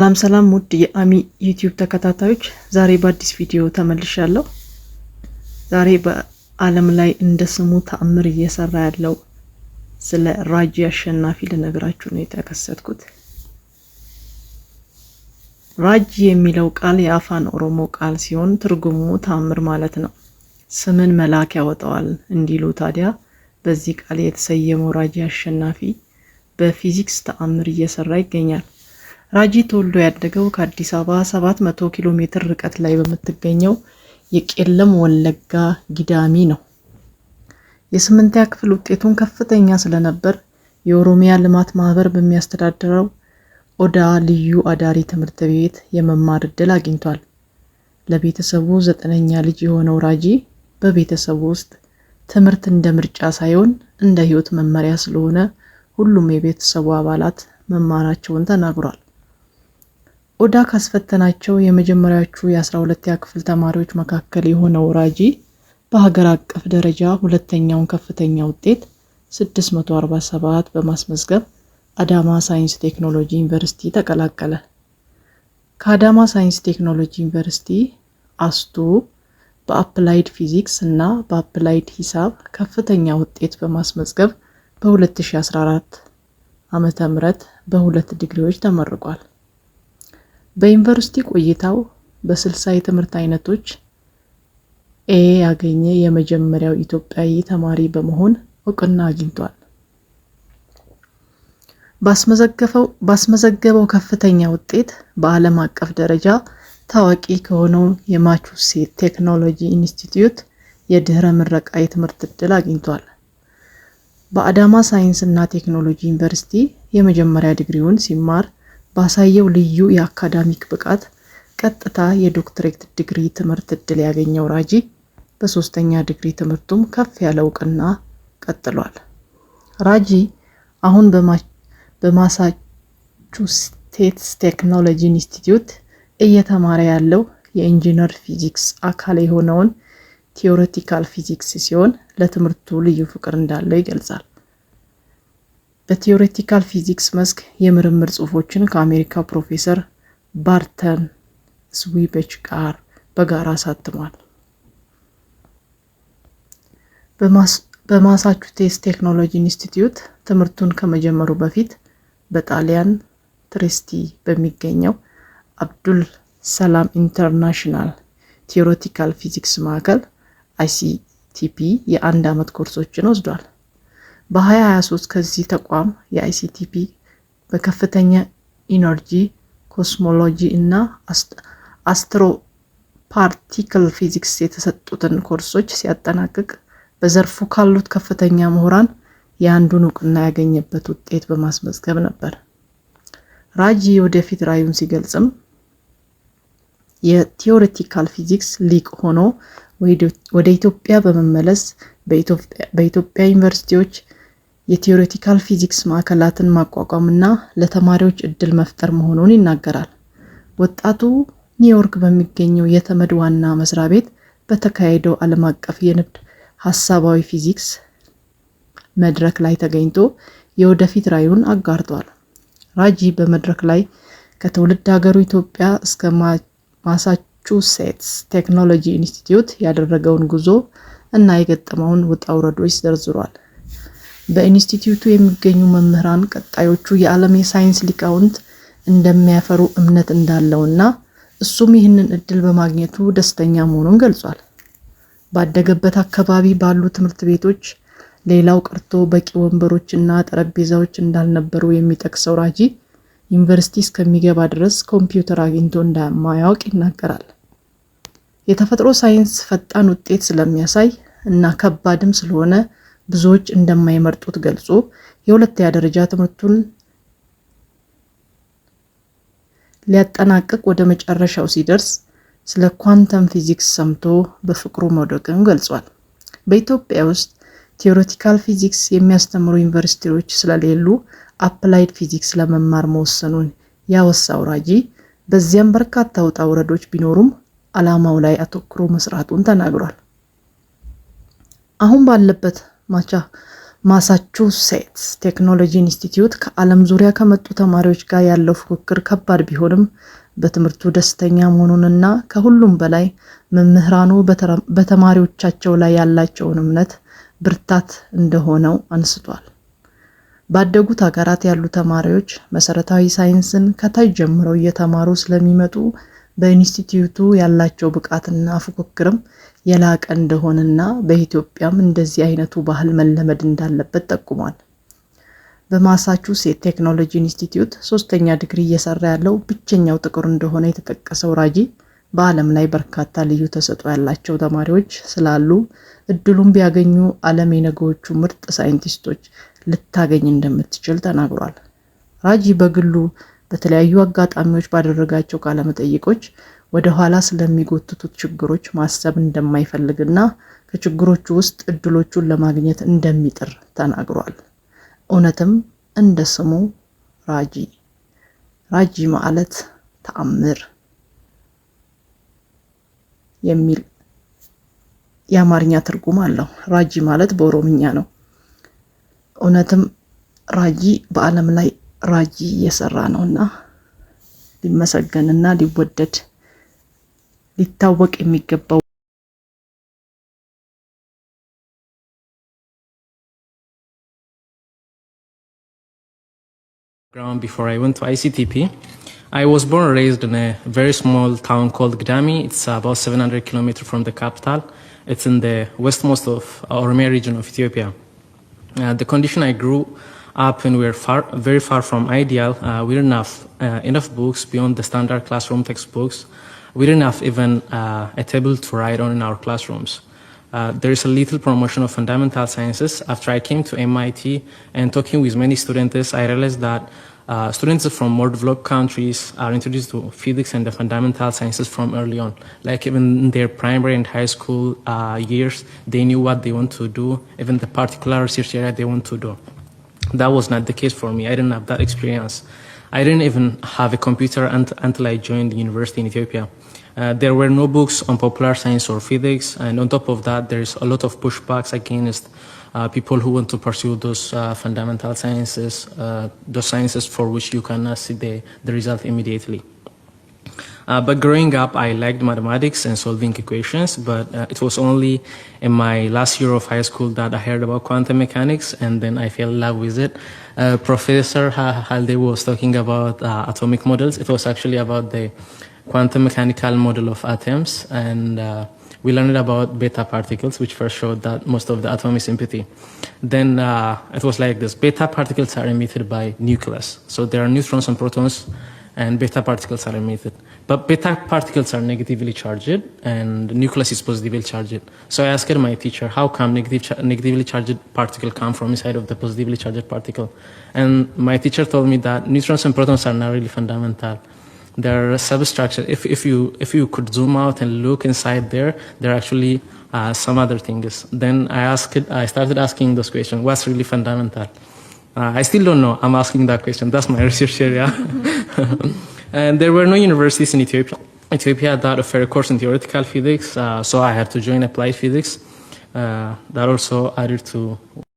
ሰላም ሰላም ውድ የአሚ ዩቲዩብ ተከታታዮች ዛሬ በአዲስ ቪዲዮ ተመልሻለሁ። ዛሬ በዓለም ላይ እንደ ስሙ ተአምር እየሰራ ያለው ስለ ራጂ አሸናፊ ልነግራችሁ ነው የተከሰትኩት። ራጂ የሚለው ቃል የአፋን ኦሮሞ ቃል ሲሆን ትርጉሙ ተአምር ማለት ነው። ስምን መልአክ ያወጣዋል እንዲሉ ታዲያ በዚህ ቃል የተሰየመው ራጂ አሸናፊ በፊዚክስ ተአምር እየሰራ ይገኛል። ራጂ ተወልዶ ያደገው ከአዲስ አበባ 700 ኪሎ ሜትር ርቀት ላይ በምትገኘው የቄለም ወለጋ ጊዳሚ ነው። የስምንተኛ ክፍል ውጤቱን ከፍተኛ ስለነበር የኦሮሚያ ልማት ማህበር በሚያስተዳድረው ኦዳ ልዩ አዳሪ ትምህርት ቤት የመማር ዕድል አግኝቷል። ለቤተሰቡ ዘጠነኛ ልጅ የሆነው ራጂ በቤተሰቡ ውስጥ ትምህርት እንደ ምርጫ ሳይሆን እንደ ሕይወት መመሪያ ስለሆነ ሁሉም የቤተሰቡ አባላት መማራቸውን ተናግሯል። ኦዳ ካስፈተናቸው የመጀመሪያዎቹ የ12ኛ ክፍል ተማሪዎች መካከል የሆነው ራጂ በሀገር አቀፍ ደረጃ ሁለተኛውን ከፍተኛ ውጤት 647 በማስመዝገብ አዳማ ሳይንስ ቴክኖሎጂ ዩኒቨርሲቲ ተቀላቀለ። ከአዳማ ሳይንስ ቴክኖሎጂ ዩኒቨርሲቲ አስቱ በአፕላይድ ፊዚክስ እና በአፕላይድ ሂሳብ ከፍተኛ ውጤት በማስመዝገብ በ2014 ም በሁለት ዲግሪዎች ተመርቋል። በዩኒቨርሲቲ ቆይታው በስልሳ የትምህርት አይነቶች ኤ ያገኘ የመጀመሪያው ኢትዮጵያዊ ተማሪ በመሆን እውቅና አግኝቷል። ባስመዘገበው ከፍተኛ ውጤት በዓለም አቀፍ ደረጃ ታዋቂ ከሆነው የማቹሴት ቴክኖሎጂ ኢንስቲትዩት የድህረ ምረቃ የትምህርት እድል አግኝቷል። በአዳማ ሳይንስ እና ቴክኖሎጂ ዩኒቨርሲቲ የመጀመሪያ ዲግሪውን ሲማር ባሳየው ልዩ የአካዳሚክ ብቃት ቀጥታ የዶክትሬት ዲግሪ ትምህርት ዕድል ያገኘው ራጂ በሶስተኛ ዲግሪ ትምህርቱም ከፍ ያለ እውቅና ቀጥሏል። ራጂ አሁን በማሳቹሴትስ ቴክኖሎጂ ኢንስቲትዩት እየተማረ ያለው የኢንጂነር ፊዚክስ አካል የሆነውን ቲዎሬቲካል ፊዚክስ ሲሆን ለትምህርቱ ልዩ ፍቅር እንዳለው ይገልጻል። በቲዮሬቲካል ፊዚክስ መስክ የምርምር ጽሑፎችን ከአሜሪካ ፕሮፌሰር ባርተን ስዊበች ጋር በጋራ አሳትሟል። በማሳቹቴስ ቴክኖሎጂ ኢንስቲትዩት ትምህርቱን ከመጀመሩ በፊት በጣሊያን ትሬስቲ በሚገኘው አብዱል ሰላም ኢንተርናሽናል ቲዮሬቲካል ፊዚክስ ማዕከል አይሲቲፒ የአንድ ዓመት ኮርሶችን ወስዷል። በ2023 ከዚህ ተቋም የአይሲቲፒ በከፍተኛ ኢነርጂ ኮስሞሎጂ እና አስትሮፓርቲክል ፊዚክስ የተሰጡትን ኮርሶች ሲያጠናቅቅ በዘርፉ ካሉት ከፍተኛ ምሁራን የአንዱን እውቅና ያገኘበት ውጤት በማስመዝገብ ነበር። ራጂ ወደፊት ራዩን ሲገልጽም የቲዮሬቲካል ፊዚክስ ሊቅ ሆኖ ወደ ኢትዮጵያ በመመለስ በኢትዮጵያ ዩኒቨርሲቲዎች የቲዮሬቲካል ፊዚክስ ማዕከላትን ማቋቋምና ለተማሪዎች እድል መፍጠር መሆኑን ይናገራል። ወጣቱ ኒውዮርክ በሚገኘው የተመድ ዋና መስሪያ ቤት በተካሄደው ዓለም አቀፍ የንግድ ሀሳባዊ ፊዚክስ መድረክ ላይ ተገኝቶ የወደፊት ራዕዩን አጋርጧል። ራጂ በመድረክ ላይ ከትውልድ ሀገሩ ኢትዮጵያ እስከ ማሳቹሴትስ ቴክኖሎጂ ኢንስቲትዩት ያደረገውን ጉዞ እና የገጠመውን ውጣ ውረዶች ዘርዝሯል። በኢንስቲትዩቱ የሚገኙ መምህራን ቀጣዮቹ የዓለም የሳይንስ ሊቃውንት እንደሚያፈሩ እምነት እንዳለውና እሱም ይህንን እድል በማግኘቱ ደስተኛ መሆኑን ገልጿል። ባደገበት አካባቢ ባሉ ትምህርት ቤቶች ሌላው ቀርቶ በቂ ወንበሮችና ጠረጴዛዎች እንዳልነበሩ የሚጠቅሰው ራጂ ዩኒቨርሲቲ እስከሚገባ ድረስ ኮምፒውተር አግኝቶ እንደማያውቅ ይናገራል። የተፈጥሮ ሳይንስ ፈጣን ውጤት ስለሚያሳይ እና ከባድም ስለሆነ ብዙዎች እንደማይመርጡት ገልጾ የሁለተኛ ደረጃ ትምህርቱን ሊያጠናቅቅ ወደ መጨረሻው ሲደርስ ስለ ኳንተም ፊዚክስ ሰምቶ በፍቅሩ መውደቅም ገልጿል። በኢትዮጵያ ውስጥ ቴዎሬቲካል ፊዚክስ የሚያስተምሩ ዩኒቨርሲቲዎች ስለሌሉ አፕላይድ ፊዚክስ ለመማር መወሰኑን ያወሳ አውራጂ በዚያም በርካታ ውጣ ውረዶች ቢኖሩም ዓላማው ላይ አተኩሮ መስራቱን ተናግሯል። አሁን ባለበት ማሳቹሴትስ ቴክኖሎጂ ኢንስቲትዩት ከዓለም ዙሪያ ከመጡ ተማሪዎች ጋር ያለው ፉክክር ከባድ ቢሆንም በትምህርቱ ደስተኛ መሆኑንና ከሁሉም በላይ መምህራኑ በተማሪዎቻቸው ላይ ያላቸውን እምነት ብርታት እንደሆነው አንስቷል። ባደጉት ሀገራት ያሉ ተማሪዎች መሰረታዊ ሳይንስን ከታች ጀምረው እየተማሩ ስለሚመጡ በኢንስቲትዩቱ ያላቸው ብቃትና ፉክክርም የላቀ እንደሆነና በኢትዮጵያም እንደዚህ አይነቱ ባህል መለመድ እንዳለበት ጠቁሟል። በማሳቹሴት ቴክኖሎጂ ኢንስቲትዩት ሶስተኛ ዲግሪ እየሰራ ያለው ብቸኛው ጥቁር እንደሆነ የተጠቀሰው ራጂ በዓለም ላይ በርካታ ልዩ ተሰጥኦ ያላቸው ተማሪዎች ስላሉ እድሉን ቢያገኙ ዓለም የነገዎቹ ምርጥ ሳይንቲስቶች ልታገኝ እንደምትችል ተናግሯል። ራጂ በግሉ በተለያዩ አጋጣሚዎች ባደረጋቸው ቃለመጠይቆች ወደ ኋላ ስለሚጎትቱት ችግሮች ማሰብ እንደማይፈልግና ከችግሮቹ ውስጥ እድሎቹን ለማግኘት እንደሚጥር ተናግሯል። እውነትም እንደ ስሙ ራጂ ራጂ ማለት ተአምር የሚል የአማርኛ ትርጉም አለው። ራጂ ማለት በኦሮምኛ ነው። እውነትም ራጂ በዓለም ላይ ራጂ እየሰራ ሊወደድ ሊታወቅ የሚገባው before I went to ICTP. I was born and raised in a very small town called Gdami. It's about 700 kilometers from the capital. It's in the westmost of Oromia region of Ethiopia. Uh, the condition I grew up when we're far, very far from ideal. Uh, we don't have uh, enough books beyond the standard classroom textbooks. We don't have even uh, a table to write on in our classrooms. Uh, there is a little promotion of fundamental sciences. After I came to MIT and talking with many students, I realized that uh, students from more developed countries are introduced to physics and the fundamental sciences from early on. Like even in their primary and high school uh, years, they knew what they want to do, even the particular research area they want to do. That was not the case for me. I didn't have that experience. I didn't even have a computer until I joined the university in Ethiopia. Uh, there were no books on popular science or physics, and on top of that, there's a lot of pushbacks against uh, people who want to pursue those uh, fundamental sciences, uh, those sciences for which you cannot see the, the result immediately. Uh, but growing up, I liked mathematics and solving equations, but uh, it was only in my last year of high school that I heard about quantum mechanics, and then I fell in love with it. Uh, Professor Halde was talking about uh, atomic models. It was actually about the quantum mechanical model of atoms, and uh, we learned about beta particles, which first showed that most of the atom is empty. Then uh, it was like this beta particles are emitted by nucleus. So there are neutrons and protons, and beta particles are emitted. But beta particles are negatively charged and nucleus is positively charged. So I asked my teacher, how come negative negatively charged particle come from inside of the positively charged particle? And my teacher told me that neutrons and protons are not really fundamental. They're substructure. If, if, you, if you could zoom out and look inside there, there are actually uh, some other things. Then I, asked, I started asking those questions. What's really fundamental? Uh, I still don't know. I'm asking that question. That's my research area. And there were no universities in Ethiopia. Ethiopia that offered a course in theoretical physics, uh, so I had to join applied physics. Uh, that also added to